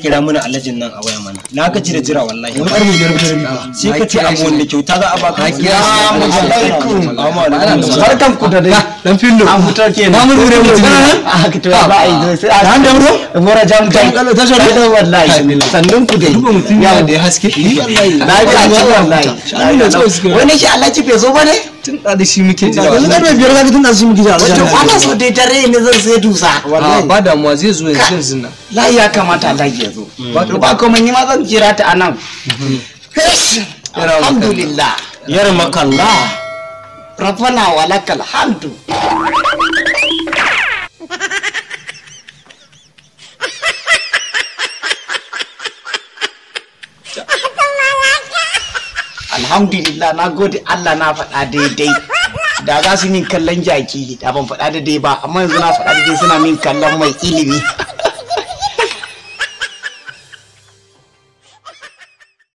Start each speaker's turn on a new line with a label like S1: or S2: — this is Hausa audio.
S1: kira mana alajin nan a waya mana na gaji da jira wallahi wani arni jira biyar
S2: biyar sai ka ce abu wanda
S1: kyauta za a
S3: baka ya alaikum
S2: barkan ku da dai dan fillo an fitar kenan na mu zure mutum a ka to
S4: ba ai sai an hande mu mora jam jam kallo ta shore da wallahi sannun ku dai ya da haske wallahi na ji a wallahi wani shi alaji
S1: bai zo ne tun da shi muke jira yanzu karfe biyar tun da shi muke jira so dai dare ne zan sai dusa ah, wallahi ba damuwa zai zo yanzu yanzu nan ya kamata layi ya zo hmm. ba kuma ni ma zan jira ta anan alhamdulillah yarmakallah rabbana walakal hamdu
S3: alhamdulillah na gode Allah na faɗa daidai da za su min kallon jaki da ban faɗa daidai ba amma yanzu na faɗa daidai suna min kallon mai ilimi